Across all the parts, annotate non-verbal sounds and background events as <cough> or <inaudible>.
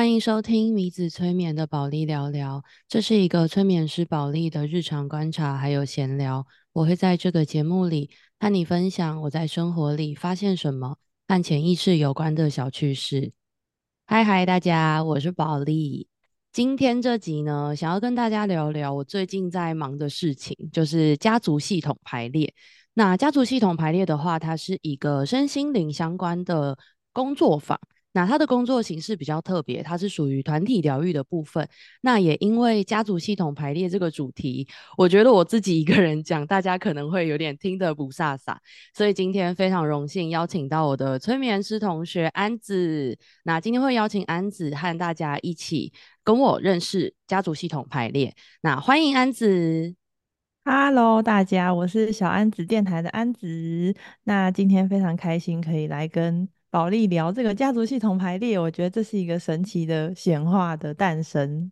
歡迎收聽迷子催眠的寶莉聊聊，這是一個催眠師寶莉的日常觀察還有閒聊。我會在這個節目裡和你分享我在生活裡發現什麼和潛意識有關的小趣事。嗨嗨，大家，我是寶莉。今天這集呢，想要跟大家聊聊我最近在忙的事情，就是家族系統排列。那家族系統排列的話，它是一個身心靈相關的工作坊。那他的工作形式比較特別，他是屬於團體療癒的部分。那也因為家族系統排列這個主題，我覺得我自己一個人講，大家可能會有點聽得霧煞煞，所以今天非常榮幸邀請到我的催眠師同學安子。那今天會邀請安子和大家一起跟我認識家族系統排列。那歡迎安子。Hello，大家，我是小安子電台的安子。那今天非常開心可以來跟。寶莉聊這個家族系統排列，我覺得這是一個神奇的顯化的誕生。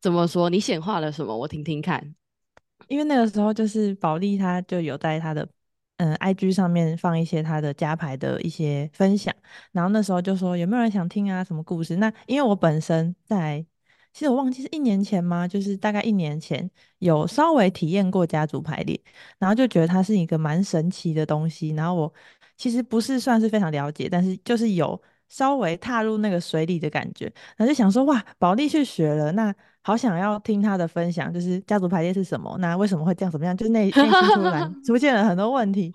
怎麼說？你顯化了什麼？我聽聽看。因為那個時候就是寶莉他就有在他的嗯 IG 上面放一些他的家排的一些分享，然後那時候就說有沒有人想聽啊，什麼故事？那因為我本身在其實我忘記是一年前嗎？就是大概一年前有稍微體驗過家族排列，然後就覺得它是一個蠻神奇的東西，然後我。其實不是算是非常了解，但是就是有稍微踏入那個水裡的感覺，那就想說，哇，寶莉去學了，那好想要聽他的分享，就是家族排列是什麼，那為什麼會這樣怎麼樣，就內，內心突然出現了很多問題，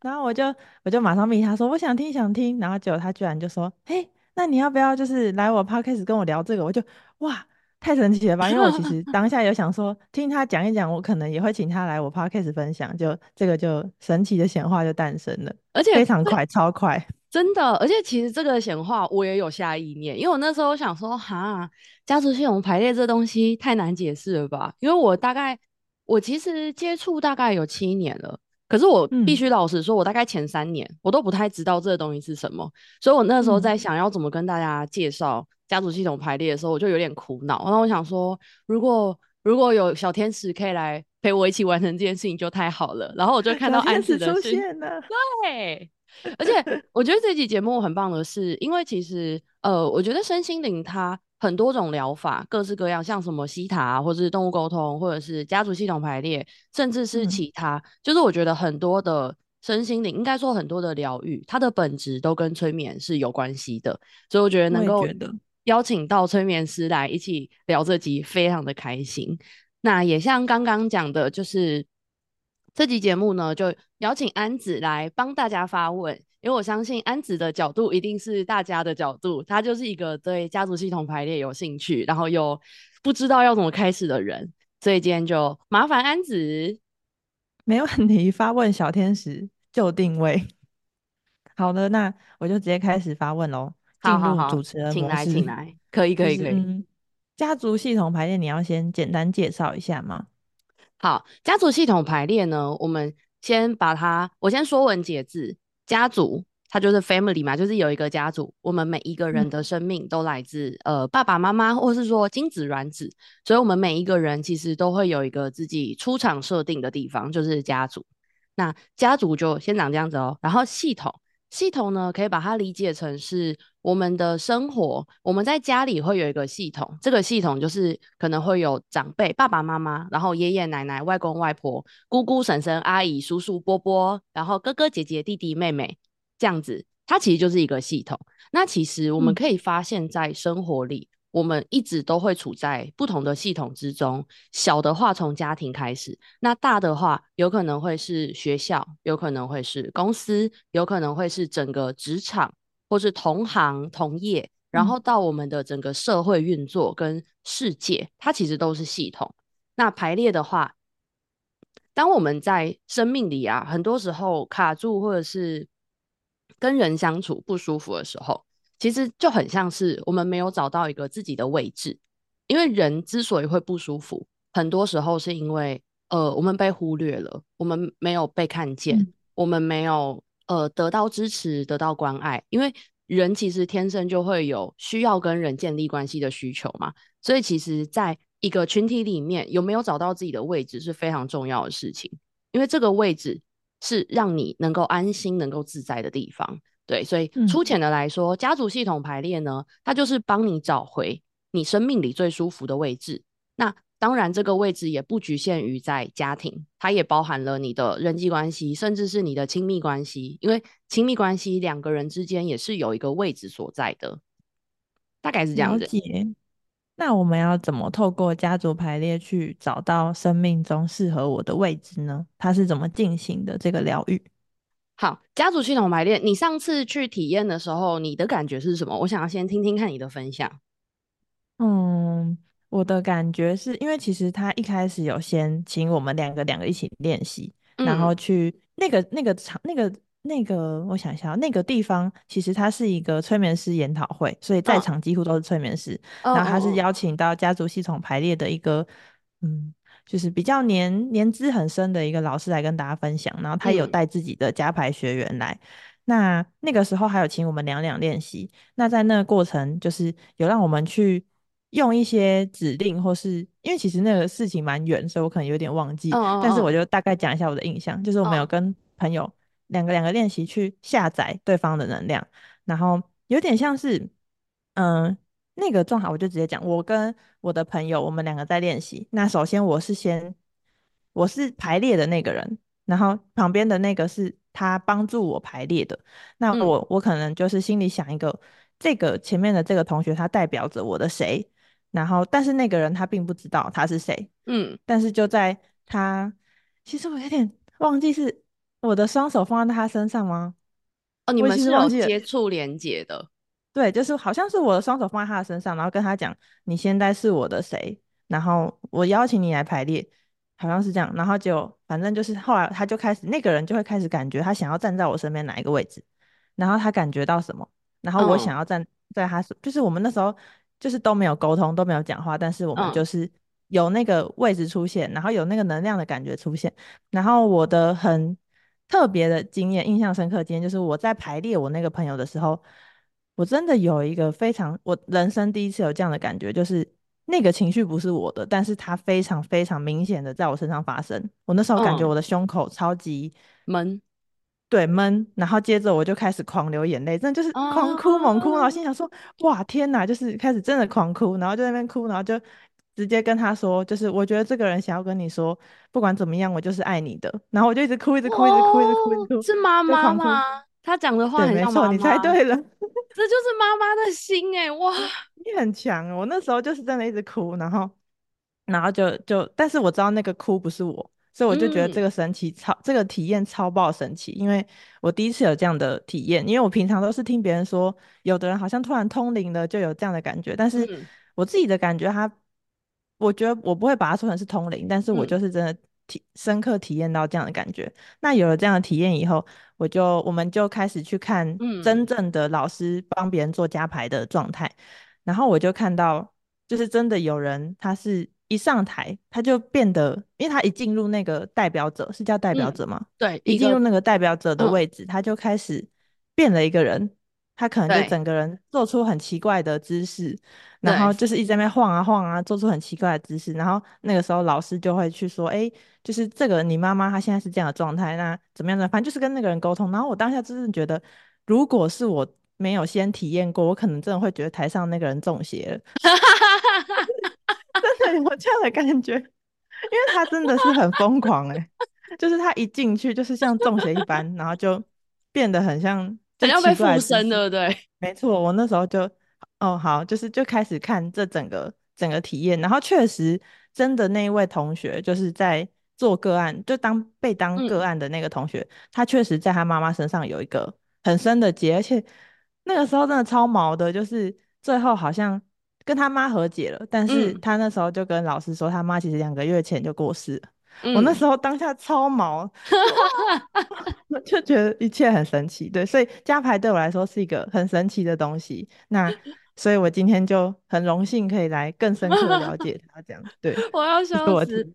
然後我就我就馬上密他說，我想聽想聽，然後結果他居然就說，嘿，那你要不要就是來我 podcast 跟我聊這個，我就哇，太神奇了吧！因為我其實當下有想說聽他講一講， <laughs> 我可能也會請他來我 podcast 分享，就這個就神奇的顯化就誕生了，而且非常快， <laughs> 超快，真的。而且其實這個顯化我也有下意念，因為我那時候想說哈，家族系統排列這東西太難解釋了吧？因為我大概我其實接觸大概有七年了，可是我必須老實說，我大概前三年、嗯、我都不太知道這個東西是什麼，所以我那時候在想要怎麼跟大家介紹。嗯家族系統排列的時候，我就有點苦惱。然後我想說，如果如果有小天使可以來陪我一起完成這件事情，就太好了。然後我就看到安子天使出現了。對， <laughs> 而且我覺得這集節目很棒的是，因為其實呃，我覺得身心靈它很多種療法，各式各樣，像什麼西塔、啊，或者是動物溝通，或者是家族系統排列，甚至是其他，嗯、就是我覺得很多的身心靈，應該說很多的療癒，它的本質都跟催眠是有關係的。所以我覺得能夠。邀請到催眠師來一起聊這集，非常的開心。那也像剛剛講的，就是這集節目呢，就邀請安子來幫大家發問，因為我相信安子的角度一定是大家的角度，他就是一個對家族系統排列有興趣，然後又不知道要怎麼開始的人，所以今天就麻煩安子。沒問題，發問小天使就定位。 <laughs> 好的，那我就直接開始發問嘍。好，好，好，進入主持人模式請來，請來，可以，可以，可以。家族系統排列，你要先簡單介紹一下嗎？好，家族系統排列呢，我們先把它，我先說文解字。家族，它就是 family 嘛，就是有一個家族，我們每一個人的生命都來自、嗯、呃爸爸媽媽，或是說精子卵子，所以我們每一個人其實都會有一個自己出場設定的地方，就是家族。那家族就先長這樣子哦、喔，然後系統。系統呢，可以把它理解成是我們的生活。我們在家裡會有一個系統，這個系統就是可能會有長輩、爸爸媽媽，然後爺爺奶奶、外公外婆、姑姑、嬸嬸、阿姨、叔叔、伯伯，然後哥哥、姐姐、弟弟、妹妹這樣子，它其實就是一個系統。那其實我們可以發現，在生活裡，嗯我們一直都會處在不同的系統之中，小的話從家庭開始，那大的話有可能會是學校，有可能會是公司，有可能會是整個職場，或是同行同業，然後到我們的整個社會運作跟世界，嗯、它其實都是系統。那排列的話，當我們在生命裡啊，很多時候卡住，或者是跟人相處不舒服的時候。其實就很像是我們沒有找到一個自己的位置，因為人之所以會不舒服，很多時候是因為呃我們被忽略了，我們沒有被看見，我們沒有呃得到支持、得到關愛。因為人其實天生就會有需要跟人建立關係的需求嘛，所以其實在一個群體裡面有沒有找到自己的位置是非常重要的事情，因為這個位置是讓你能夠安心、能夠自在的地方。對，所以粗淺的來說，嗯、家族系統排列呢，它就是幫你找回你生命裡最舒服的位置。那當然，這個位置也不局限於在家庭，它也包含了你的人際關係，甚至是你的親密關係。因為親密關係兩個人之間也是有一個位置所在的，大概是這樣子。了解。那我們要怎麼透過家族排列去找到生命中適合我的位置呢？它是怎麼進行的這個療癒？好，家族系統排列，你上次去體驗的時候，你的感覺是什麼？我想要先聽聽看你的分享。嗯，我的感覺是因為其實他一開始有先請我們兩個兩個一起練習，然後去那個、嗯、那個場那個那個，我想一下，那個地方其實它是一個催眠師研討會，所以在場幾乎都是催眠師，哦、然後他是邀請到家族系統排列的一個嗯。就是比較年年資很深的一個老師來跟大家分享，然後他有帶自己的家排學員來。嗯、那那個時候還有請我們兩兩練習。那在那個過程，就是有讓我們去用一些指令，或是因為其實那個事情蠻遠，所以我可能有點忘記。哦哦哦，但是我就大概講一下我的印象，就是我們有跟朋友兩、哦、個兩個練習去下載對方的能量，然後有點像是嗯。呃那個狀態我就直接講，我跟我的朋友，我們兩個在練習。那首先我是先我是排列的那個人，然後旁邊的那個是他幫助我排列的。那我、嗯、我可能就是心裡想一個，這個前面的這個同學他代表着我的誰？然後但是那個人他並不知道他是誰。嗯，但是就在他，其實我有點忘記是我的雙手放在他身上嗎？哦，你們是有接觸連接的。對，就是好像是我的雙手放在他的身上，然後跟他講，你現在是我的誰，然後我邀請你來排列，好像是這樣，然後就反正就是後來他就開始那個人就會開始感覺他想要站在我身邊哪一個位置，然後他感覺到什麼，然後我想要站在他，Oh. 就是我們那時候就是都沒有溝通，都沒有講話，但是我們就是有那個位置出現，Oh. 然後有那個能量的感覺出現，然後我的很特別的經驗，印象深刻的經驗就是我在排列我那個朋友的時候。我真的有一個非常我人生第一次有這樣的感覺，就是那個情緒不是我的，但是它非常非常明顯的在我身上發生。我那時候感覺我的胸口超級悶、嗯，對悶，然後接着我就開始狂流眼淚，真的就是狂哭、呃、猛哭，猛哭。然後心想說：哇天哪，就是開始真的狂哭，然後就在那邊哭，然後就直接跟他說：就是我覺得這個人想要跟你說，不管怎麼樣，我就是愛你的。然後我就一直哭，一直哭，哦、一直哭，一直哭，一直哭，是媽媽嗎？他講的話很像媽媽。對，沒錯，你猜對了。這就是媽媽的心哎、欸、哇！你很強哦，我那時候就是真的一直哭，然後，然後就就，但是我知道那個哭不是我，所以我就覺得這個神奇、嗯、超，這個體驗超爆神奇，因為我第一次有這樣的體驗，因為我平常都是聽別人說，有的人好像突然通靈了，就有這樣的感覺，但是我自己的感覺，他，嗯、我覺得我不會把它說成是通靈，但是我就是真的。嗯體深刻體驗到這樣的感覺，那有了這樣的體驗以後，我就我們就開始去看，嗯，真正的老師幫別人做家排的狀態，嗯、然後我就看到，就是真的有人，他是一上台，他就變得，因為他一進入那個代表者，是叫代表者嗎？嗯、對，一進入那個代表者的位置，嗯、他就開始變了一個人。他可能就整個人做出很奇怪的姿勢，對然後就是一直在那晃啊晃啊，做出很奇怪的姿勢。對然後那個時候老師就會去說：“哎、欸，就是這個你媽媽她現在是這樣的狀態、啊，那怎麼樣呢？反正就是跟那個人溝通。”然後我當下真的覺得，如果是我沒有先體驗過，我可能真的會覺得台上那個人中邪了。 <laughs> <laughs> 真的我這樣的感覺，因為他真的是很瘋狂哎、欸， <laughs> 就是他一進去就是像中邪一般，然後就變得很像人要被附身了。對，沒錯，我那時候就，哦，好，就是就開始看這整個整個體驗，然後確實，真的那位同學就是在做個案，就當被當個案的那個同學，嗯、他確實在他媽媽身上有一個很深的結，而且那個時候真的超毛的，就是最後好像跟他媽和解了，但是他那時候就跟老師說，他媽其實兩個月前就過世了。我那時候當下超毛，我 <laughs> 就，就覺得一切很神奇，對，所以家排對我來說是一個很神奇的東西。那所以，我今天就很榮幸可以來更深刻的了解他 <laughs> 這樣子。對，我要說，真的，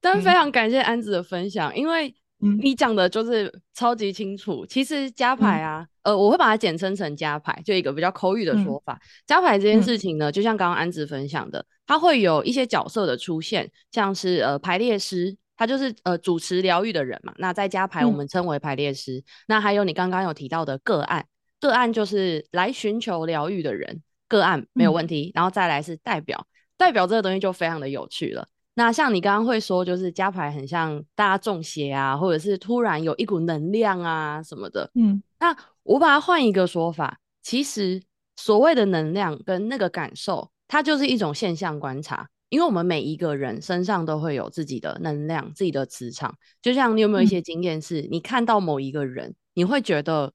但非常感謝安子的分享，嗯、因為。嗯、你講的就是超級清楚。其實家排啊，嗯、呃，我會把它簡稱為家排，就一個比較口語的說法。家、嗯、排這件事情呢，就像剛剛安子分享的，嗯、它會有一些角色的出現，像是呃排列師，他就是呃主持療癒的人嘛。那在家排我們稱為排列師。嗯、那還有你剛剛有提到的個案，個案就是來尋求療癒的人，個案沒有問題。嗯、然後再來是代表，代表這個東西就非常的有趣了。那像你剛剛會說，就是家排很像大家中邪啊，或者是突然有一股能量啊什麼的。嗯，那我把它換一個說法，其實所謂的能量跟那個感受，它就是一種現象觀察。因為我們每一個人身上都會有自己的能量、自己的磁場。就像你有沒有一些經驗，是、嗯、你看到某一個人，你會覺得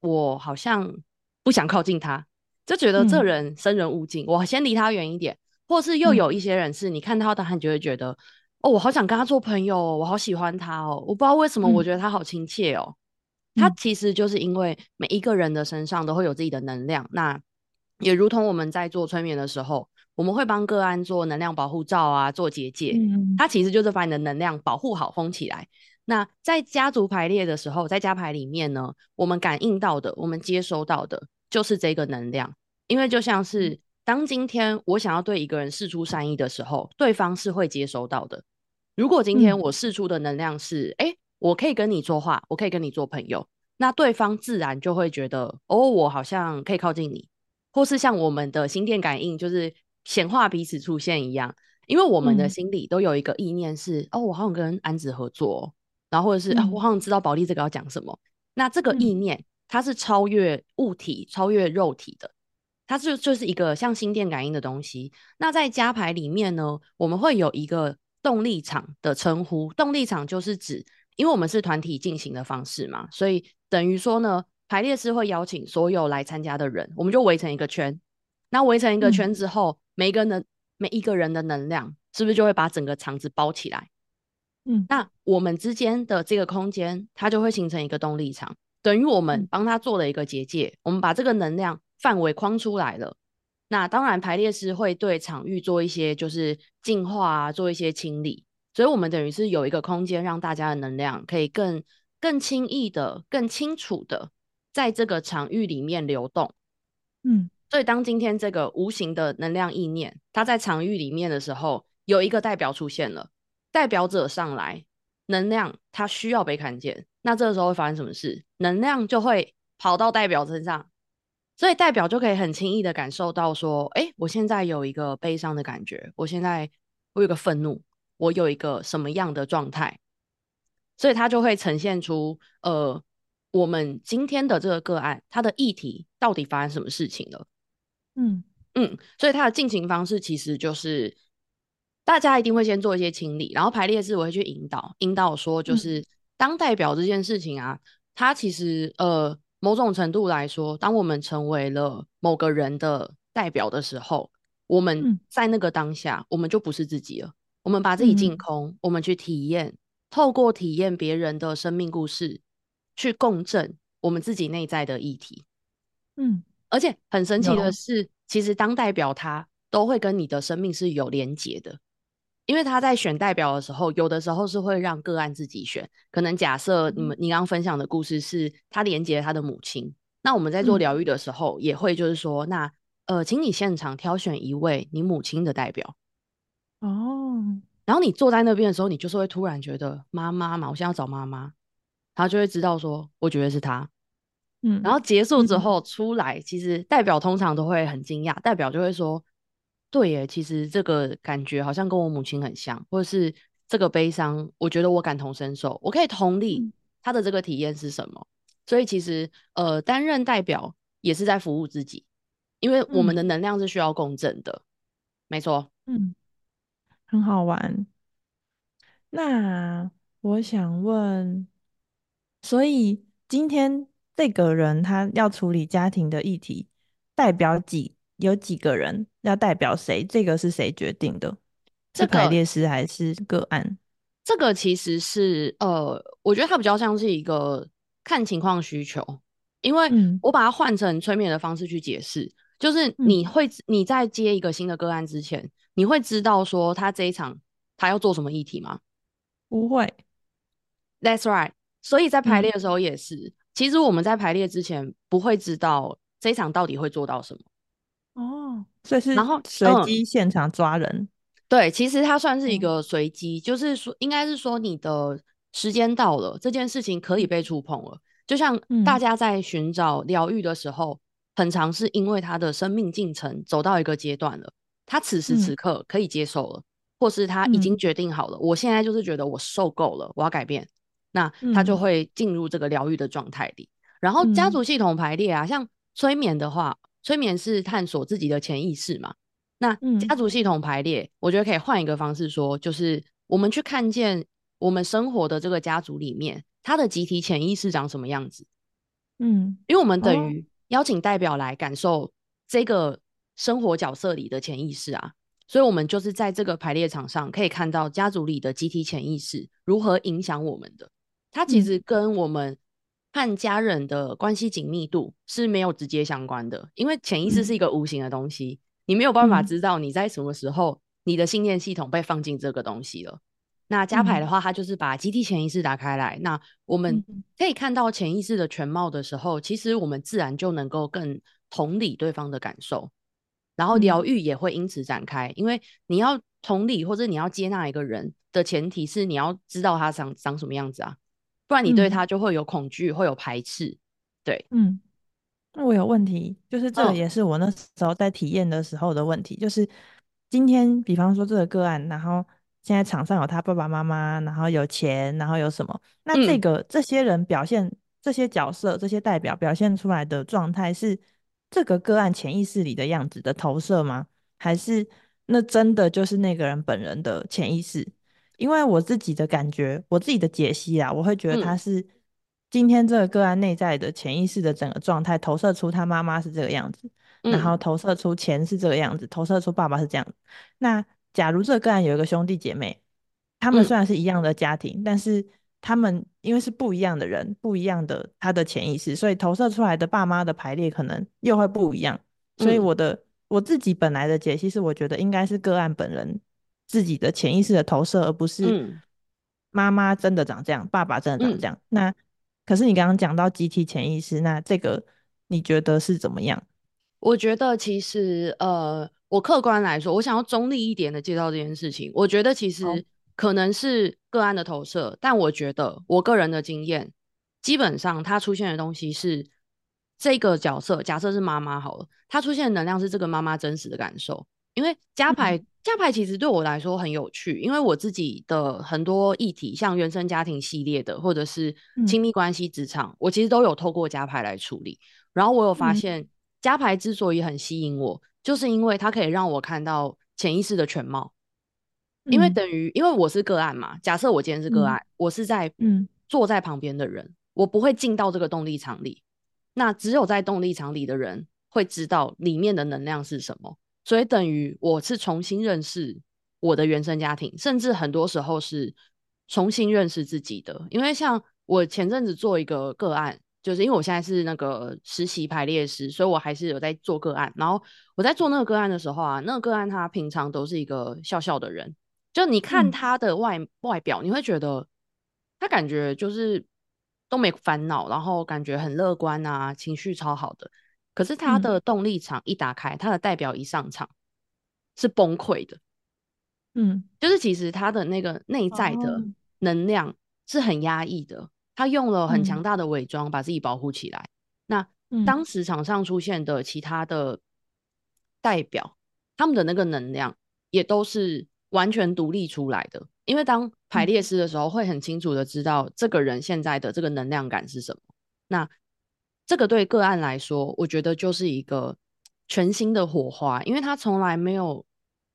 我好像不想靠近他，就覺得這人生人勿近，嗯、我先離他遠一點。或是又有一些人是，你看到他，你就會覺得，嗯、哦，我好想跟他做朋友、哦，我好喜歡他哦，我不知道為什麼，我覺得他好親切哦。嗯、他其實就是因為每一個人的身上都會有自己的能量，那也如同我們在做催眠的時候，我們會幫個案做能量保護罩啊，做結界，它、嗯、其實就是把你的能量保護好，封起來。那在家族排列的時候，在家排裡面呢，我們感應到的，我們接收到的就是這個能量，因為就像是、嗯。當今天我想要對一個人釋出善意的時候，對方是會接收到的。如果今天我釋出的能量是“哎、嗯欸，我可以跟你說話，我可以跟你做朋友”，那對方自然就會覺得“哦，我好像可以靠近你”，或是像我們的心電感應，就是顯化彼此出現一樣。因為我們的心裡都有一個意念是“嗯、哦，我好像跟安子合作、哦”，然後或者是、嗯啊、我好像知道寶莉這個要講什麼。那這個意念它是超越物體、超越肉體的。它是就是一個像心電感應的東西。那在家排裡面呢，我們會有一個動力場的稱呼。動力場就是指，因為我們是團體進行的方式嘛，所以等於說呢，排列師會邀請所有來參加的人，我們就圍成一個圈。那圍成一個圈之後，嗯、每一個人每一個人的能量是不是就會把整個場子包起來？嗯，那我們之間的這個空間，它就會形成一個動力場。等於我們幫他做了一個結界，嗯、我們把這個能量範圍框出來了。那當然，排列師會對場域做一些就是淨化啊，做一些清理。所以，我們等於是有一個空間，讓大家的能量可以更更輕易的、更清楚的在這個場域裡面流動。嗯，所以當今天這個無形的能量意念它在場域裡面的時候，有一個代表出現了，代表者上來。能量它需要被看見，那這個時候會發生什麼事？能量就會跑到代表身上，所以代表就可以很輕易的感受到說：“哎、欸，我現在有一個悲傷的感覺，我現在我有個憤怒，我有一個什麼樣的狀態？”所以他就會呈現出呃，我們今天的這個個案，它的議題到底發生什麼事情了？嗯嗯，所以它的進行方式其實就是。大家一定會先做一些清理，然後排列時，我會去引導，引導說，就是當代表這件事情啊，它、嗯、其實呃，某種程度來說，當我們成為了某個人的代表的時候，我們在那個當下，嗯、我們就不是自己了。我們把自己淨空，嗯、我們去體驗，透過體驗別人的生命故事，去共振我們自己內在的議題。嗯，而且很神奇的是，有其實當代表他都會跟你的生命是有連接的。因為他在選代表的時候，有的時候是會讓個案自己選。可能假設你們你剛剛分享的故事是他連接他的母親，嗯、那我們在做療癒的時候也會就是說，嗯、那呃，請你現場挑選一位你母親的代表。哦，然後你坐在那邊的時候，你就是會突然覺得媽媽嘛，我現在要找媽媽，他就會知道說，我覺得是她。嗯，然後結束之後出來，嗯、其實代表通常都會很驚訝，代表就會說。對耶，其實這個感覺好像跟我母親很像，或者是這個悲傷，我覺得我感同身受，我可以同理他的這個體驗是什麼。嗯、所以其實呃，擔任代表也是在服務自己，因為我們的能量是需要共振的，嗯、沒錯，嗯，很好玩。那我想問，所以今天這個人他要處理家庭的議題，代表幾？有幾個人要代表誰？這個是誰決定的？這個、是排列師還是個案？這個其實是呃，我覺得它比較像是一個看情況需求，因為我把它換成催眠的方式去解釋，嗯、就是你會你在接一個新的個案之前，嗯、你會知道說他這一場他要做什麼議題嗎？不會。That's right。所以在排列的時候也是，嗯、其實我們在排列之前不會知道這一場到底會做到什麼。哦，所以是然後隨機現場抓人，嗯、對，其實它算是一個隨機，嗯、就是說應該是說你的時間到了，這件事情可以被觸碰了。就像大家在尋找療癒的時候，嗯、很常是因為他的生命進程走到一個階段了，他此時此刻可以接受了，嗯、或是他已經決定好了。嗯、我現在就是覺得我受夠了，我要改變，那他就會進入這個療癒的狀態裡。然後家族系統排列啊，嗯、像催眠的話。催眠是探索自己的潛意識嘛。那家族系統排列，我覺得可以換一個方式說，就是我們去看見我們生活的這個家族裡面，它的集體潛意識長什麼樣子。嗯，因為我們等於邀請代表來感受這個生活角色裡的潛意識啊，所以我們就是在這個排列場上可以看到家族裡的集體潛意識如何影響我們的，它其實跟我們，和家人的關係緊密度是沒有直接相關的，因為潛意識是一個無形的東西，嗯、你沒有辦法知道你在什麼時候你的信念系統被放進這個東西了。嗯、那家排的話，它就是把集體潛意識打開來。嗯、那我們可以看到潛意識的全貌的時候，嗯、其實我們自然就能夠更同理對方的感受，然後療癒也會因此展開。嗯、因為你要同理或者你要接納一個人的前提是你要知道他長長什麼樣子啊。不然你對他就會有恐懼，嗯、會有排斥。對，嗯，那我有問題，就是這也是我那時候在體驗的時候的問題。哦、就是今天，比方說這個個案，然後現在場上有他爸爸媽媽，然後有錢，然後有什麼？那這個、嗯、這些人表現、這些角色、這些代表表現出來的狀態，是這個個案潛意識裡的樣子的投射嗎？還是那真的就是那個人本人的潛意識？因為我自己的感覺，我自己的解析啊，我會覺得他是今天這個個案內在的潛意識的整個狀態，投射出他媽媽是這個樣子，嗯、然後投射出錢是這個樣子，投射出爸爸是這樣子。那假如這個個案有一個兄弟姐妹，他們雖然是一樣的家庭，嗯、但是他們因為是不一樣的人，不一樣的他的潛意識，所以投射出來的爸媽的排列可能又會不一樣。所以我的、嗯、我自己本來的解析是，我覺得應該是個案本人。自己的潛意識的投射，而不是媽媽真的長這樣，嗯、爸爸真的長這樣。嗯、那可是你剛剛講到集體潛意識，那這個你覺得是怎麼樣？我覺得其實，呃，我客觀來說，我想要中立一點的介紹這件事情。我覺得其實可能是個案的投射，哦、但我覺得我個人的經驗，基本上它出現的東西是這個角色，假設是媽媽好了，它出現的能量是這個媽媽真實的感受，因為家排、嗯。家排其實對我來說很有趣，因為我自己的很多議題，像原生家庭系列的，或者是親密關係、職場，嗯、我其實都有透過家排來處理。然後我有發現，家排之所以很吸引我，嗯、就是因為它可以讓我看到潛意識的全貌。嗯、因為等於，因為我是個案嘛，假設我今天是個案，嗯、我是在坐在旁邊的人，我不會進到這個動力場裡。那只有在動力場裡的人會知道裡面的能量是什麼。所以等於我是重新認識我的原生家庭，甚至很多時候是重新認識自己的。因為像我前陣子做一個個案，就是因為我現在是那個實習排列師，所以我還是有在做個案。然後我在做那個個案的時候啊，那個個案他平常都是一個笑笑的人，就你看他的外外表，嗯。你會覺得他感覺就是都沒煩惱，然後感覺很樂觀啊，情緒超好的。可是他的動力場一打開，嗯，他的代表一上場是崩潰的。嗯，就是其實他的那個內在的能量是很壓抑的，他用了很強大的偽裝把自己保護起來。那當時場上出現的其他的代表，他們的那個能量也都是完全獨立出來的，因為當排列師的時候會很清楚的知道這個人現在的這個能量感是什麼。那這個對個案來說，我覺得就是一個全新的火花，因為他從來沒有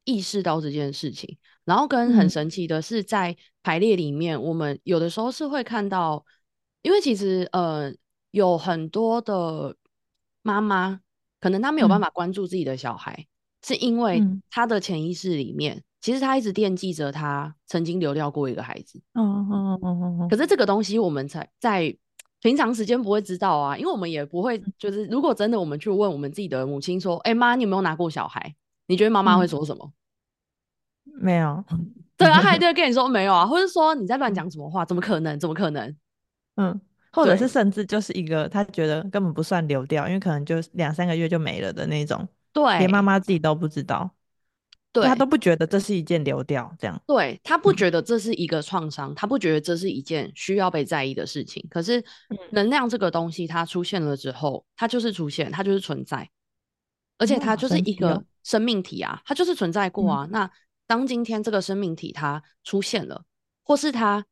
意識到這件事情。然後，跟很神奇的是，在排列裡面，嗯、我們有的時候是會看到，因為其實呃，有很多的媽媽，可能她沒有辦法關注自己的小孩，嗯、是因為她的潛意識裡面，嗯、其實她一直惦記着她曾經流掉過一個孩子。嗯嗯嗯嗯嗯。可是這個東西，我們才在。平常時間不會知道啊，因為我們也不會，就是如果真的我們去問我們自己的母親說：“哎媽、 <music> 欸，你有沒有拿過小孩？”你覺得媽媽會說什麼？嗯、沒有。 <laughs> 對啊，她一定會跟你說“沒有啊”，或者說“你在亂講什麼話？怎麼可能？怎麼可能？”嗯，對或者是甚至就是一個他覺得根本不算流掉，因為可能就兩三個月就沒了的那種，對，連媽媽自己都不知道。對，他都不覺得這是一件流掉這樣，對，他不覺得這是一個創傷， <laughs> 他不覺得這是一件需要被在意的事情。可是，能量這個東西，它出現了之後，它就是出現，它就是存在，而且它就是一個生命體啊，嗯哦、它就是存在過啊。嗯、那當今天這個生命體它出現了，或是它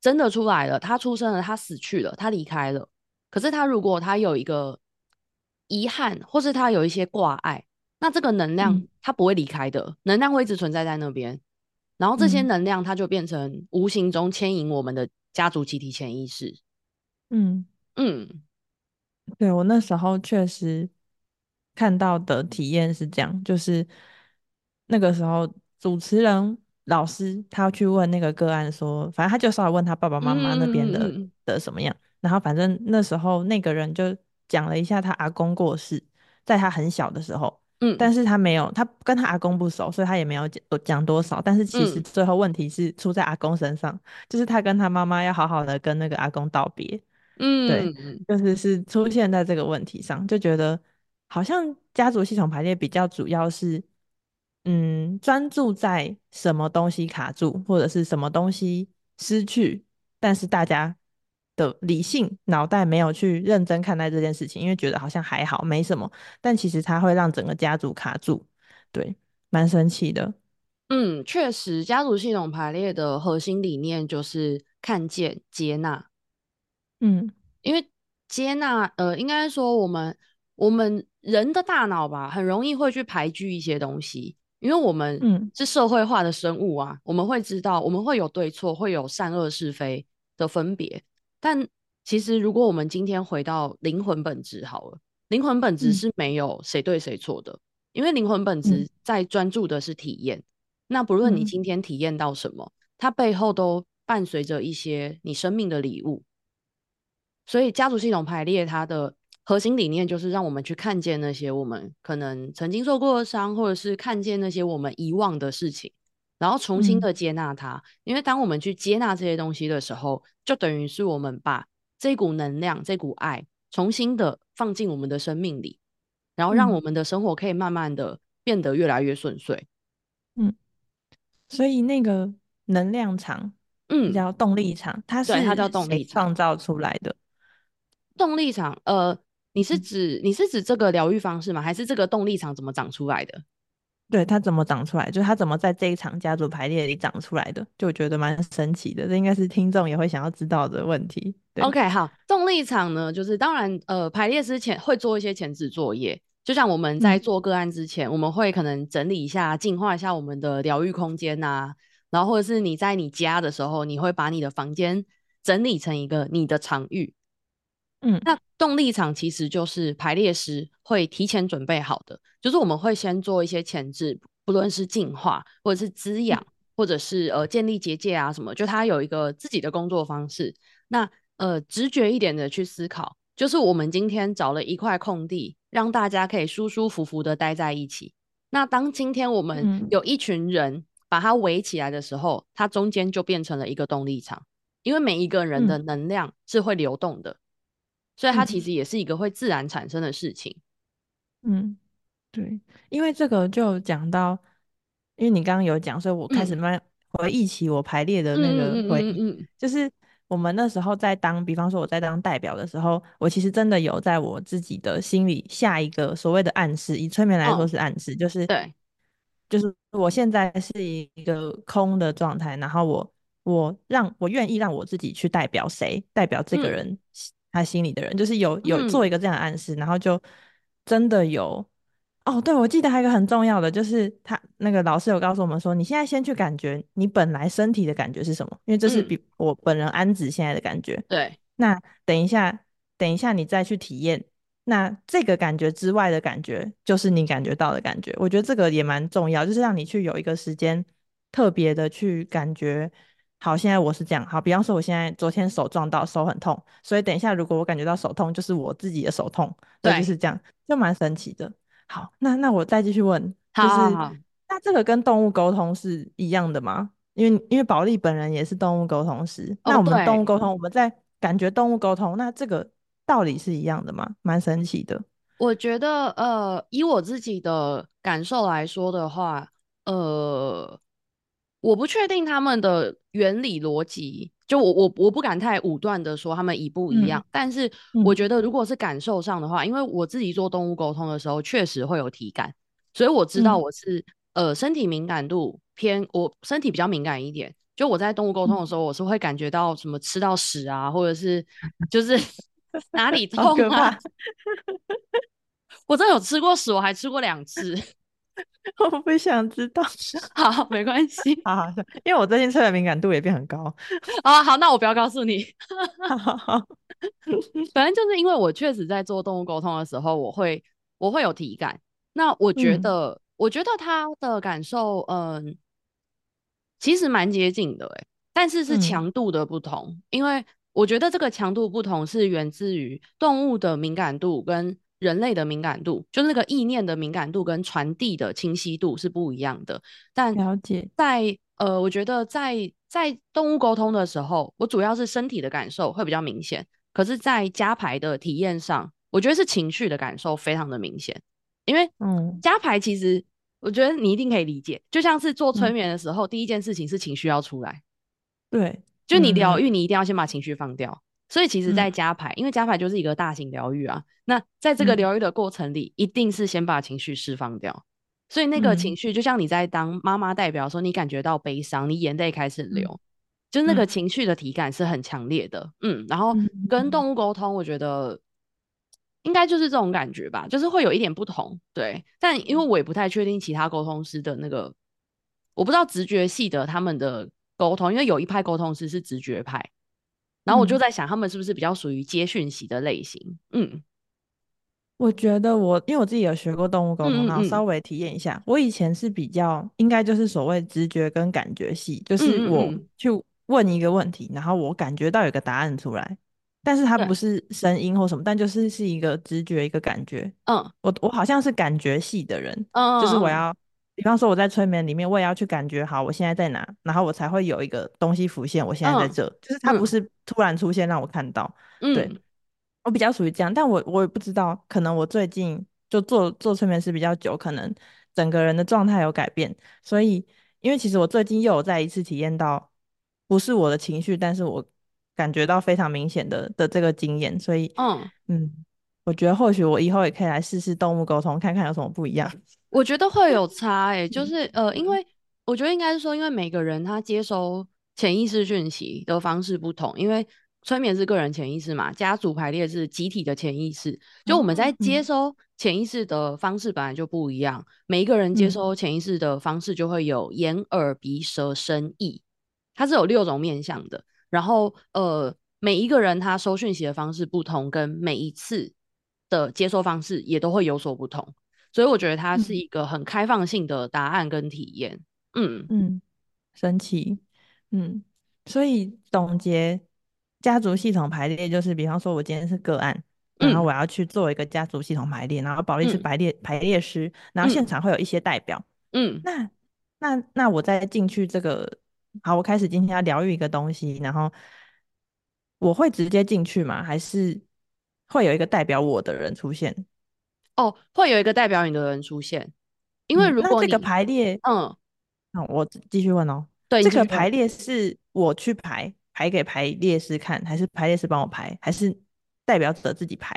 真的出來了，它出生了，它死去了，它離開了。可是它如果它有一個遺憾，或是它有一些掛礙。那這個能量它不會離開的，嗯、能量會一直存在在那邊，然後這些能量它就變成無形中牽引我們的家族集體潛意識。嗯嗯，嗯對，我那時候確實看到的體驗是這樣，就是那個時候主持人老師他要去問那個個案說，反正他就是問他爸爸媽媽那邊的、嗯、的什麼樣，然後反正那時候那個人就講了一下他阿公過世，在他很小的時候。嗯，但是他沒有，他跟他阿公不熟，所以他也沒有講講多少。但是其實最後問題是出在阿公身上，嗯，就是他跟他媽媽要好好的跟那個阿公道別。嗯，對，就是是出現在這個問題上，就覺得好像家族系統排列比較主要是，嗯，專注在什麼東西卡住或者是什麼東西失去，但是大家。的理性腦袋沒有去認真看待這件事情，因為覺得好像還好沒什麼，但其實它會讓整個家族卡住，對，蠻神奇的。嗯，確實，家族系統排列的核心理念就是看見、接納。嗯，因為接納，呃，應該說我們我們人的大腦吧，很容易會去排拒一些東西，因為我們嗯是社會化的生物啊，嗯，我們會知道我們會有對錯，會有善惡是非的分別。但其實，如果我們今天回到靈魂本質好了，靈魂本質是沒有誰對誰錯的，嗯、因為靈魂本質在專注的是體驗。嗯、那不論你今天體驗到什麼，它背後都伴隨着一些你生命的禮物。所以，家族系統排列它的核心理念就是讓我們去看見那些我們可能曾經受過的傷，或者是看見那些我們遺忘的事情。然後重新的接納它，嗯、因為當我們去接納這些東西的時候，就等於是我們把這股能量、這股愛重新的放進我們的生命裡，然後讓我們的生活可以慢慢的變得越來越順遂。嗯，所以那個能量場，嗯，叫動力場，它是它叫動力創造出來的動力場。呃，你是指你是指這個療癒方式嗎？還是這個動力場怎麼長出來的？對，他怎麼長出來，就是他怎麼在這一場家族排列裡長出來的，就我覺得蠻神奇的。這應該是聽眾也會想要知道的問題。對。OK，好，動力場呢，就是當然，呃，排列之前會做一些前置作業，就像我們在做個案之前，嗯、我們會可能整理一下、淨化一下我們的療癒空間吶、啊，然後或者是你在你家的時候，你會把你的房間整理成一個你的場域。嗯，那動力場其實就是排列師會提前準備好的，就是我們會先做一些前置，不論是淨化或者是滋養，或者是呃建立結界啊什麼，就它有一個自己的工作方式。那呃直覺一點的去思考，就是我們今天找了一塊空地，讓大家可以舒舒服服的待在一起。那當今天我們有一群人把它圍起來的時候，它中間就變成了一個動力場，因為每一個人的能量是會流動的。所以它其實也是一個會自然產生的事情。嗯，嗯，對，因為這個就講到，因為你剛剛有講，所以我開始慢慢回憶起我排列的那個回，嗯嗯嗯嗯嗯、就是我們那時候在當，比方說我在當代表的時候，我其實真的有在我自己的心裡下一個所謂的暗示，以催眠來說是暗示，哦、就是對，就是我現在是一個空的狀態，然後我我讓我願意讓我自己去代表誰，代表這個人。嗯他心裡的人，就是有有做一個這樣的暗示，嗯、然後就真的有哦。對，我記得還有一個很重要的，就是他那個老師有告訴我們說，你現在先去感覺你本來身體的感覺是什麼，因為這是比我本人安子現在的感覺。對、嗯，那等一下，等一下你再去體驗，那這個感覺之外的感覺，就是你感覺到的感覺。我覺得這個也蠻重要，就是讓你去有一個時間特別的去感覺。好，現在我是這樣。好，比方說，我現在昨天手撞到，手很痛，所以等一下，如果我感覺到手痛，就是我自己的手痛，對，就是這樣，就蠻神奇的。好，那那我再繼續問，好啊、好就是那這個跟動物溝通是一樣的嗎？因為因為寶莉本人也是動物溝通師，哦、那我們動物溝通，對我們在感覺動物溝通，那這個道理是一樣的嗎？蠻神奇的。我覺得呃，以我自己的感受來說的話，呃。我不確定他們的原理邏輯，就我我我不敢太武斷的說他們一不一樣，嗯、但是我覺得如果是感受上的話，嗯、因為我自己做動物溝通的時候確實會有體感，所以我知道我是，嗯、呃身體敏感度偏，我身體比較敏感一點。就我在動物溝通的時候，我是會感覺到什麼吃到屎啊，嗯、或者是就是 <laughs> 哪裡痛啊。我真的有吃過屎，我還吃過兩次。 <laughs> 我不想知道。 <laughs> <laughs> <laughs> 好，沒關係。 <laughs> 因為我最近測的敏感度也變很高。啊，好，那我不要告訴你。反正就是因為我確實在做動物溝通的時候，我會我會有體感。那我覺得，嗯、我覺得他的感受，嗯、呃，其實蠻接近的，哎，但是是強度的不同。嗯、因為我覺得這個強度不同是源自於動物的敏感度跟。人類的敏感度，就是那個意念的敏感度跟傳遞的清晰度是不一樣的。但了解在呃，我覺得在在動物溝通的時候，我主要是身體的感受會比較明顯。可是，在家排的體驗上，我覺得是情緒的感受非常的明顯。因為嗯，家排其實我覺得你一定可以理解，嗯、就像是做催眠的時候，嗯、第一件事情是情緒要出來。對，就你療癒，嗯嗯，你一定要先把情緒放掉。所以其實在家排，在家排，因為家排就是一個大型療癒啊。那在這個療癒的過程裡，一定是先把情緒釋放掉。嗯、所以那個情緒，就像你在當媽媽代表說你感覺到悲傷，你眼淚開始流，嗯、就那個情緒的體感是很強烈的。嗯，然後跟動物溝通，我覺得應該就是這種感覺吧，就是會有一點不同。對，但因為我也不太確定其他溝通師的那個，我不知道直覺系的他們的溝通，因為有一派溝通師是直覺派。然後我就在想，他們是不是比較屬於接訊息的類型？嗯，我覺得我因為我自己有學過動物溝通，嗯嗯嗯然後稍微體驗一下。我以前是比較應該就是所謂直覺跟感覺系，就是我去問一個問題，嗯嗯嗯然後我感覺到有個答案出來，但是它不是聲音或什麼，對但就是是一個直覺，一個感覺。嗯，我我好像是感覺系的人，嗯、就是我要。比方說我在催眠裡面，我也要去感覺好，我現在在哪，然後我才會有一個東西浮現。我現在在這，就是它不是突然出現讓我看到。嗯，對我比較屬於這樣，但我我也不知道，可能我最近就做做催眠師比較久，可能整個人的狀態有改變。所以，因為其實我最近又有再一次體驗到，不是我的情緒，但是我感覺到非常明顯的的這個經驗。所以，嗯嗯，我覺得或許我以後也可以來試試動物溝通，看看有什麼不一樣。我覺得會有差誒、欸，就是呃，嗯、因為我覺得應該是說，因為每個人他接收潛意識訊息的方式不同，因為催眠是個人潛意識嘛，家族排列是集體的潛意識，就我們在接收潛意識的方式本來就不一樣，嗯、每一個人接收潛意識的方式就會有眼耳鼻舌身意，它是有六種面向的，然後呃，每一個人他收訊息的方式不同，跟每一次的接收方式也都會有所不同。所以我覺得它是一個很開放性的答案跟體驗，嗯嗯，嗯，神奇，嗯。所以總結家族系統排列就是，比方說我今天是個案，嗯、然後我要去做一個家族系統排列，然後寶莉是排列、嗯、排列師，然後現場會有一些代表，嗯。那那那我再進去這個，好，我開始今天要療癒一個東西，然後我會直接進去嗎？還是會有一個代表我的人出現？哦，會有一個代表你的人出現，因為如果你、嗯、這個排列，嗯，那、嗯、我繼續問哦。對，這個排列是我去排，排給排列師看，還是排列師幫我排，還是代表者自己排？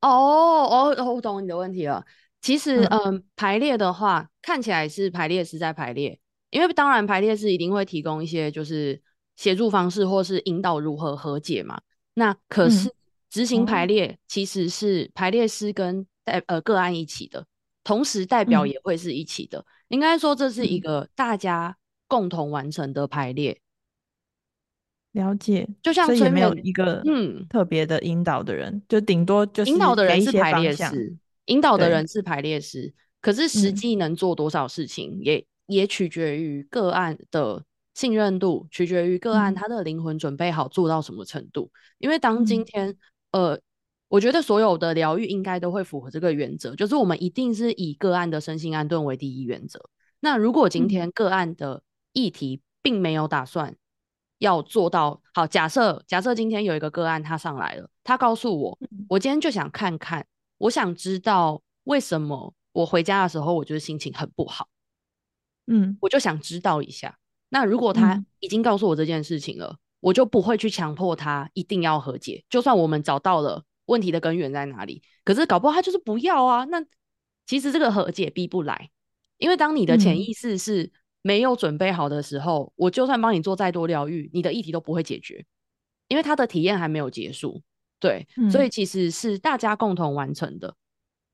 哦，哦，我懂你的問題了。其實，嗯、呃，排列的話看起來是排列師在排列，因為當然排列師一定會提供一些就是協助方式或是引導如何和解嘛。那可是執行排列其實是排列師跟、嗯嗯代，呃，個案一起的，同時代表也會是一起的，嗯、應該說這是一個大家共同完成的排列。了解，就像所以也沒有一個嗯特別的引導的人，嗯、就頂多就引導的人是排列師，引導的人是排列師，對可是實際能做多少事情也，也、嗯、也取決於個案的信任度，取決於個案他的靈魂準備好做到什麼程度，嗯、因為當今天、嗯、呃。我覺得所有的療癒應該都會符合這個原則，就是我們一定是以個案的身心安頓為第一原則。那如果今天個案的議題並沒有打算要做到、嗯、好，假設假設今天有一個個案他上來了，他告訴我，嗯、我今天就想看看，我想知道為什麼我回家的時候我就是心情很不好，嗯，我就想知道一下。那如果他已經告訴我這件事情了，嗯、我就不會去強迫他一定要和解，就算我們找到了。問題的根源在哪裡？可是搞不好他就是不要啊。那其實這個和解逼不來，因為當你的潛意識是沒有準備好的時候，嗯、我就算幫你做再多療癒，你的議題都不會解決，因為他的體驗還沒有結束。對，嗯、所以其實是大家共同完成的。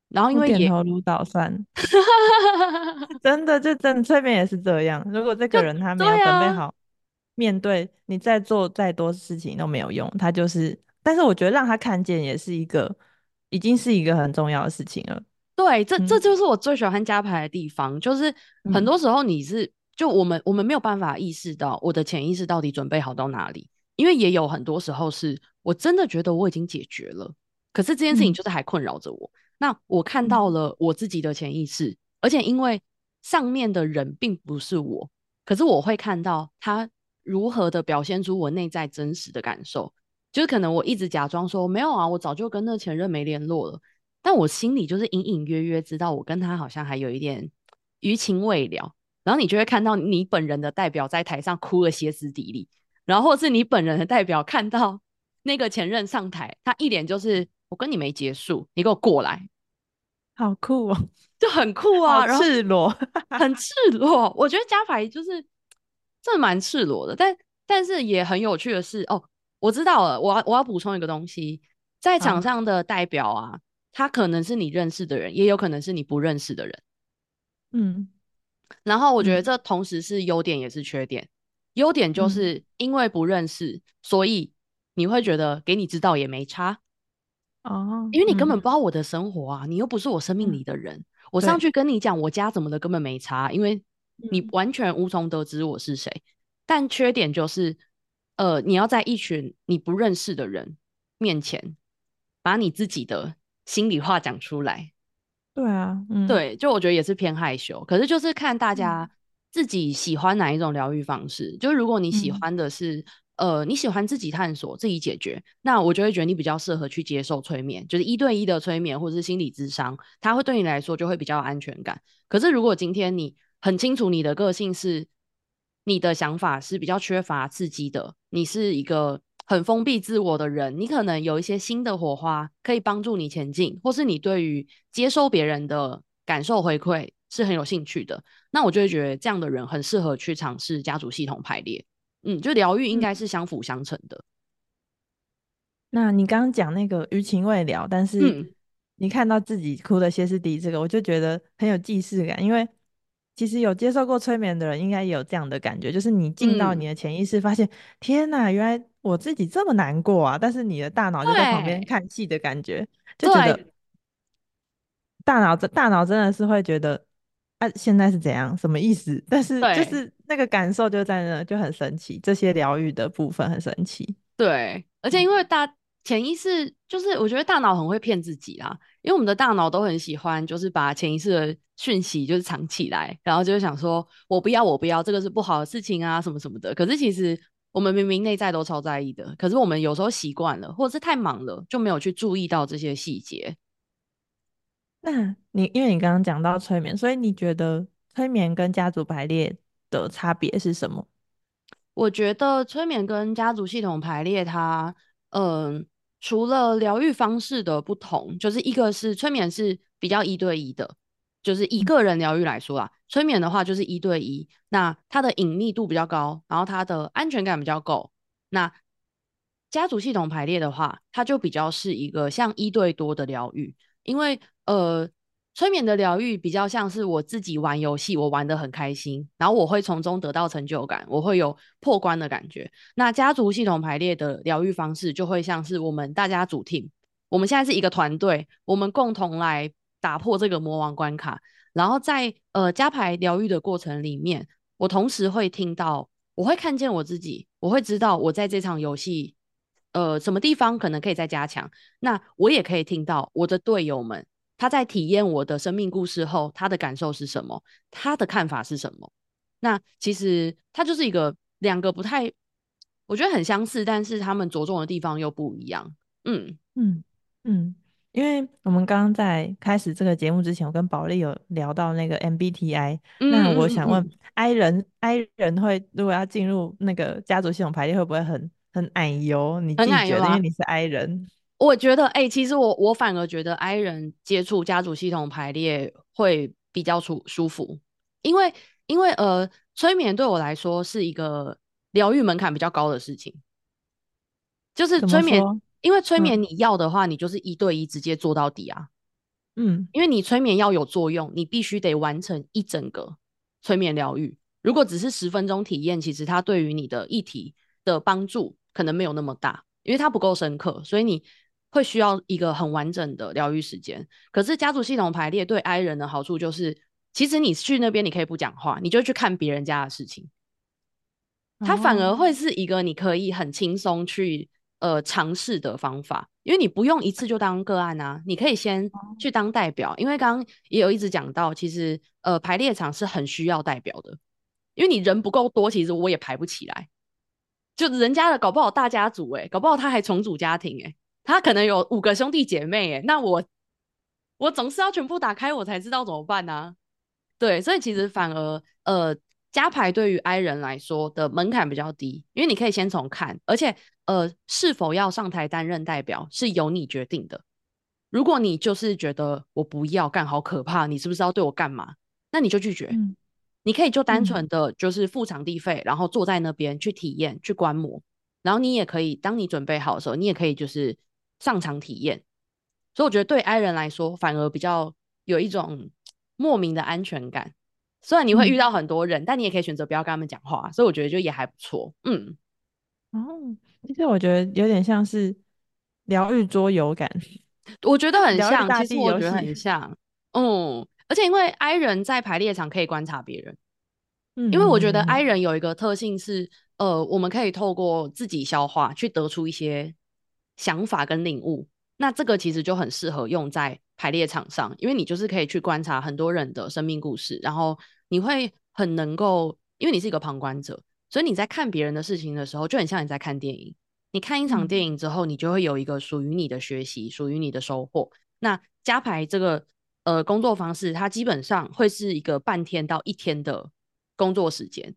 然後因為點頭如搗蒜， <laughs> <laughs> 真的就真的，催眠也是這樣。如果這個人他沒有準備好對、啊、面對，你再做再多事情都沒有用，他就是。但是我覺得讓他看見也是一個，已經是一個很重要的事情了。對，這這就是我最喜歡家排的地方，嗯、就是很多時候你是就我們我們沒有辦法意識到我的潛意識到底準備好到哪裡，因為也有很多時候是我真的覺得我已經解決了，可是這件事情就是還困擾着我。嗯、那我看到了我自己的潛意識，而且因為上面的人並不是我，可是我會看到他如何的表現出我內在真實的感受。就是可能我一直假裝說沒有啊，我早就跟那前任沒聯絡了，但我心裡就是隱隱約約知道我跟他好像還有一點餘情未了。然後你就會看到你本人的代表在台上哭了歇斯底里，然後或是你本人的代表看到那個前任上台，他一臉就是我跟你沒結束，你給我過來，好酷哦，就很酷啊，赤裸，很赤裸。 <laughs> 我覺得家排就是這蠻赤裸的，但但是也很有趣的是哦。我知道了，我要我要補充一個東西，在場上的代表啊，啊他可能是你認識的人，也有可能是你不認識的人。嗯，然後我覺得這同時是優點也是缺點。優點、嗯、就是因為不認識，嗯、所以你會覺得給你知道也沒差哦，因為你根本不知道我的生活啊，嗯、你又不是我生命裡的人，嗯、我上去跟你講我家怎麼的，根本沒差，對因為你完全無從得知我是誰。嗯、但缺點就是。呃，你要在一群你不認識的人面前把你自己的心裡話講出來，對啊，嗯、對，就我覺得也是偏害羞。可是就是看大家自己喜歡哪一種療癒方式。嗯、就是如果你喜歡的是呃，你喜歡自己探索、自己解決，嗯、那我就會覺得你比較適合去接受催眠，就是一對一的催眠或者是心理諮商，它會對你來說就會比較有安全感。可是如果今天你很清楚你的個性是。你的想法是比較缺乏刺激的，你是一個很封閉自我的人，你可能有一些新的火花可以幫助你前進，或是你對於接收別人的感受回饋是很有興趣的，那我就會覺得這樣的人很適合去嘗試家族系統排列，嗯，就療癒應該是相輔相成的。嗯、那你剛剛講那個餘情未了，但是你看到自己哭的歇斯底里，這個我就覺得很有既視感，因為。其實有接受過催眠的人，應該也有這樣的感覺，就是你進到你的潛意識，發現、嗯、天哪，原來我自己這麼難過啊！但是你的大腦就在旁邊看戲的感覺，對就覺得大腦大腦真的是會覺得啊，現在是怎樣，什麼意思？但是就是那個感受就在那，就很神奇。這些療癒的部分很神奇，對，而且因為大。潛意識就是，我覺得大腦很會騙自己啦，因為我們的大腦都很喜歡，就是把潛意識的訊息就是藏起來，然後就是想說，我不要，我不要，這個是不好的事情啊，什麼什麼的。可是其實我們明明內在都超在意的，可是我們有時候習慣了，或者是太忙了，就沒有去注意到這些細節。那你因為你剛剛講到催眠，所以你覺得催眠跟家族排列的差別是什麼？我覺得催眠跟家族系統排列，它，嗯、呃。除了療癒方式的不同，就是一個是催眠是比較一對一的，就是以個人療癒來說啊，催眠的話就是一對一，那它的隱密度比較高，然後它的安全感比較夠。那家族系統排列的話，它就比較是一個像一對多的療癒，因為呃。催眠的療癒比較像是我自己玩遊戲，我玩得很開心，然後我會從中得到成就感，我會有破關的感覺。那家族系統排列的療癒方式就會像是我們大家組 team，我們現在是一個團隊，我們共同來打破這個魔王關卡。然後在呃家排療癒的過程裡面，我同時會聽到，我會看見我自己，我會知道我在這場遊戲，呃什麼地方可能可以再加強。那我也可以聽到我的隊友們。他在體驗我的生命故事後，他的感受是什麼？他的看法是什麼？那其實他就是一個兩個不太，我覺得很相似，但是他們着重的地方又不一樣。嗯嗯嗯，因為我們剛剛在開始這個節目之前，我跟寶莉有聊到那個 MBTI，、嗯、那我想問 I、嗯嗯、人 I 人會如果要進入那個家族系統排列，會不會很很矮油？你自己覺得，因為你是 I 人。我覺得，哎、欸，其實我我反而覺得 I 人接觸家族系統排列會比較舒舒服，因為因為呃，催眠對我來說是一個療癒門檻比較高的事情，就是催眠，因為催眠你要的話，嗯、你就是一對一直接做到底啊，嗯，因為你催眠要有作用，你必須得完成一整個催眠療癒，如果只是十分鐘體驗，其實它對於你的議題的幫助可能沒有那麼大，因為它不夠深刻，所以你。會需要一個很完整的療癒時間，可是家族系統排列對 i 人的好處就是，其實你去那邊，你可以不講話，你就去看別人家的事情，它反而會是一個你可以很輕鬆去呃嘗試的方法，因為你不用一次就當個案啊，你可以先去當代表，因為剛剛也有一直講到，其實呃排列場是很需要代表的，因為你人不夠多，其實我也排不起來，就人家的搞不好大家族哎、欸，搞不好他還重組家庭哎、欸。他可能有五個兄弟姐妹，哎，那我我總是要全部打開，我才知道怎麼辦呢、啊？對，所以其實反而呃家排對於 I 人來說的門檻比較低，因為你可以先從看，而且呃是否要上台擔任代表是由你決定的。如果你就是覺得我不要幹好可怕，你是不是要對我幹嘛？那你就拒絕。嗯、你可以就單純的就是付場地費，嗯、然後坐在那邊去體驗、去觀摩，然後你也可以當你準備好的時候，你也可以就是。上場體驗，所以我覺得對 I 人來說反而比較有一種莫名的安全感。雖然你會遇到很多人，嗯、但你也可以選擇不要跟他們講話，所以我覺得就也還不錯。嗯，然後其實我覺得有點像是療癒桌遊感，我覺得很像。其實我覺得很像。嗯，而且因為 I 人在排列場可以觀察別人，嗯，因為我覺得 I 人有一個特性是，呃，我們可以透過自己消化去得出一些。想法跟領悟，那這個其實就很適合用在排列場上，因為你就是可以去觀察很多人的生命故事，然後你會很能夠，因為你是一個旁觀者，所以你在看別人的事情的時候，就很像你在看電影。你看一場電影之後，你就會有一個屬於你的學習，屬於你的收穫。那家排這個呃工作方式，它基本上會是一個半天到一天的工作時間，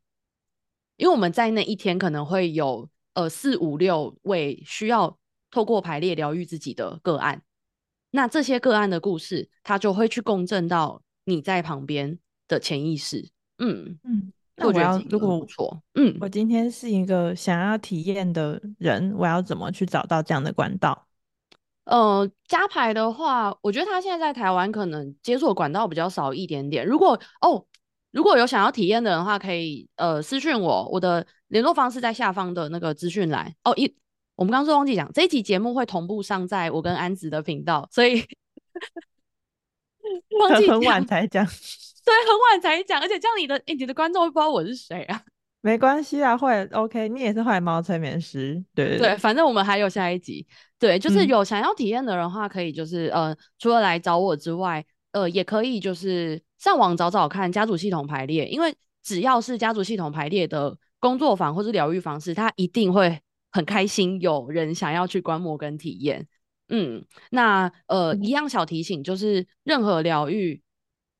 因為我們在那一天可能會有呃四五六位需要。透過排列療癒自己的個案，那這些個案的故事，他就會去共振到你在旁邊的潛意識。嗯嗯，那我覺得如果錯，嗯，我今天是一個想要體驗的人，我要怎麼去找到這樣的管道？嗯、呃，家排的話，我覺得他現在在台灣可能接觸的管道比較少一點點。如果哦，如果有想要體驗的人的話，可以呃私訊我，我的聯絡方式在下方的那個資訊欄哦一。我們剛剛說忘記講，這一集節目會同步上在我跟安子的頻道，所以忘記講 <laughs> 很晚才講，對，很晚才講，而且這樣你的、欸、你的觀眾會不知道我是誰啊？沒關係啊，會 OK，你也是壞貓催眠師，對對對，反正我們還有下一集，對，就是有想要體驗的人的話，可以就是、嗯、呃，除了來找我之外，呃，也可以就是上網找找看家族系統排列，因為只要是家族系統排列的工作坊或是療癒方式，它一定會。很開心有人想要去觀摩跟體驗，嗯，那呃、嗯、一樣小提醒就是任何療癒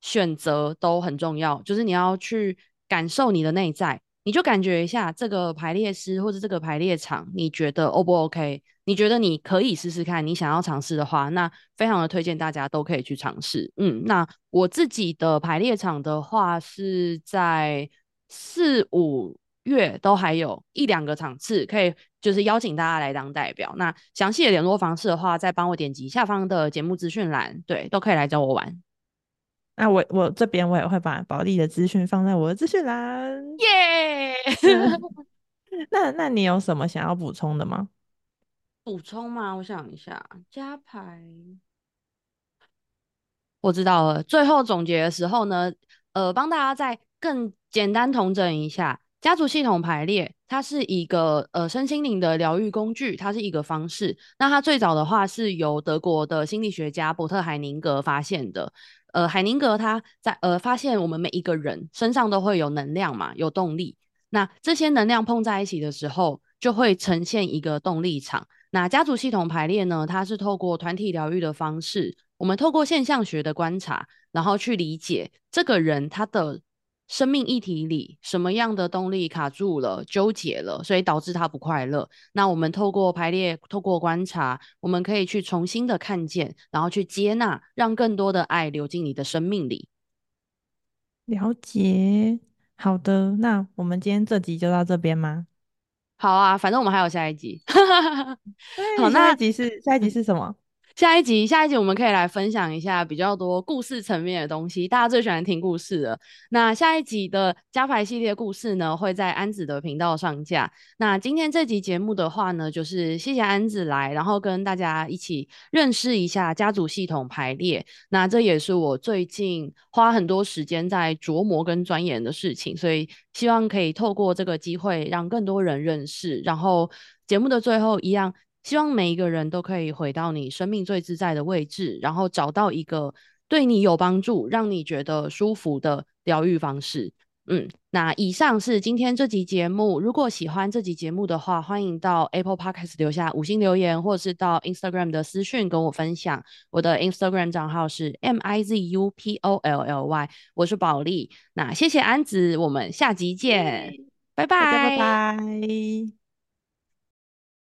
選擇都很重要，就是你要去感受你的內在，你就感覺一下這個排列師或者這個排列場，你覺得 O、哦、不 OK？你覺得你可以試試看，你想要嘗試的話，那非常的推薦大家都可以去嘗試。嗯，那我自己的排列場的話是在四五月都還有一兩個場次可以。就是邀請大家來當代表。那詳細的聯絡方式的話，再幫我點擊下方的節目資訊欄。對，都可以來找我玩。那我我這邊我也會把寶莉的資訊放在我的資訊欄。耶 Yeah! <laughs> <laughs> 那那你有什麼想要補充的嗎？補充嗎？我想一下，家排。我知道了。最後總結的時候呢，呃，幫大家再更簡單統整一下。家族系統排列，它是一個呃身心靈的療癒工具，它是一個方式。那它最早的話是由德國的心理學家伯特海寧格發現的。呃，海寧格他在呃發現我們每一個人身上都會有能量嘛，有動力。那這些能量碰在一起的時候，就會呈現一個動力場。那家族系統排列呢，它是透過團體療癒的方式，我們透過現象學的觀察，然後去理解這個人他的。生命議題裡，什麼樣的動力卡住了、糾結了，所以導致他不快樂？那我們透過排列、透過觀察，我們可以去重新的看見，然後去接納，讓更多的愛流進你的生命裡。了解，好的，那我們今天這集就到這邊嗎？好啊，反正我們還有下一集。 <laughs> 對好，下一集是，那下一集是什麼？嗯下一集，下一集我們可以來分享一下比較多故事層面的東西。大家最喜歡聽故事了。那下一集的家排系列故事呢，會在安子的頻道上架。那今天這集節目的話呢，就是謝謝安子來，然後跟大家一起認識一下家族系統排列。那這也是我最近花很多時間在琢磨跟鑽研的事情，所以希望可以透過這個機會讓更多人認識。然後節目的最後一樣。希望每一個人都可以回到你生命最自在的位置，然後找到一個對你有幫助、讓你覺得舒服的療癒方式。嗯，那以上是今天這集節目。如果喜歡這集節目的話，歡迎到 Apple Podcast 留下五星留言，或是到 Instagram 的私訊跟我分享。我的 Instagram 賬號是 M I Z U P O L L Y，我是寶莉。那謝謝安子，我們下集見，拜拜拜拜。拜拜。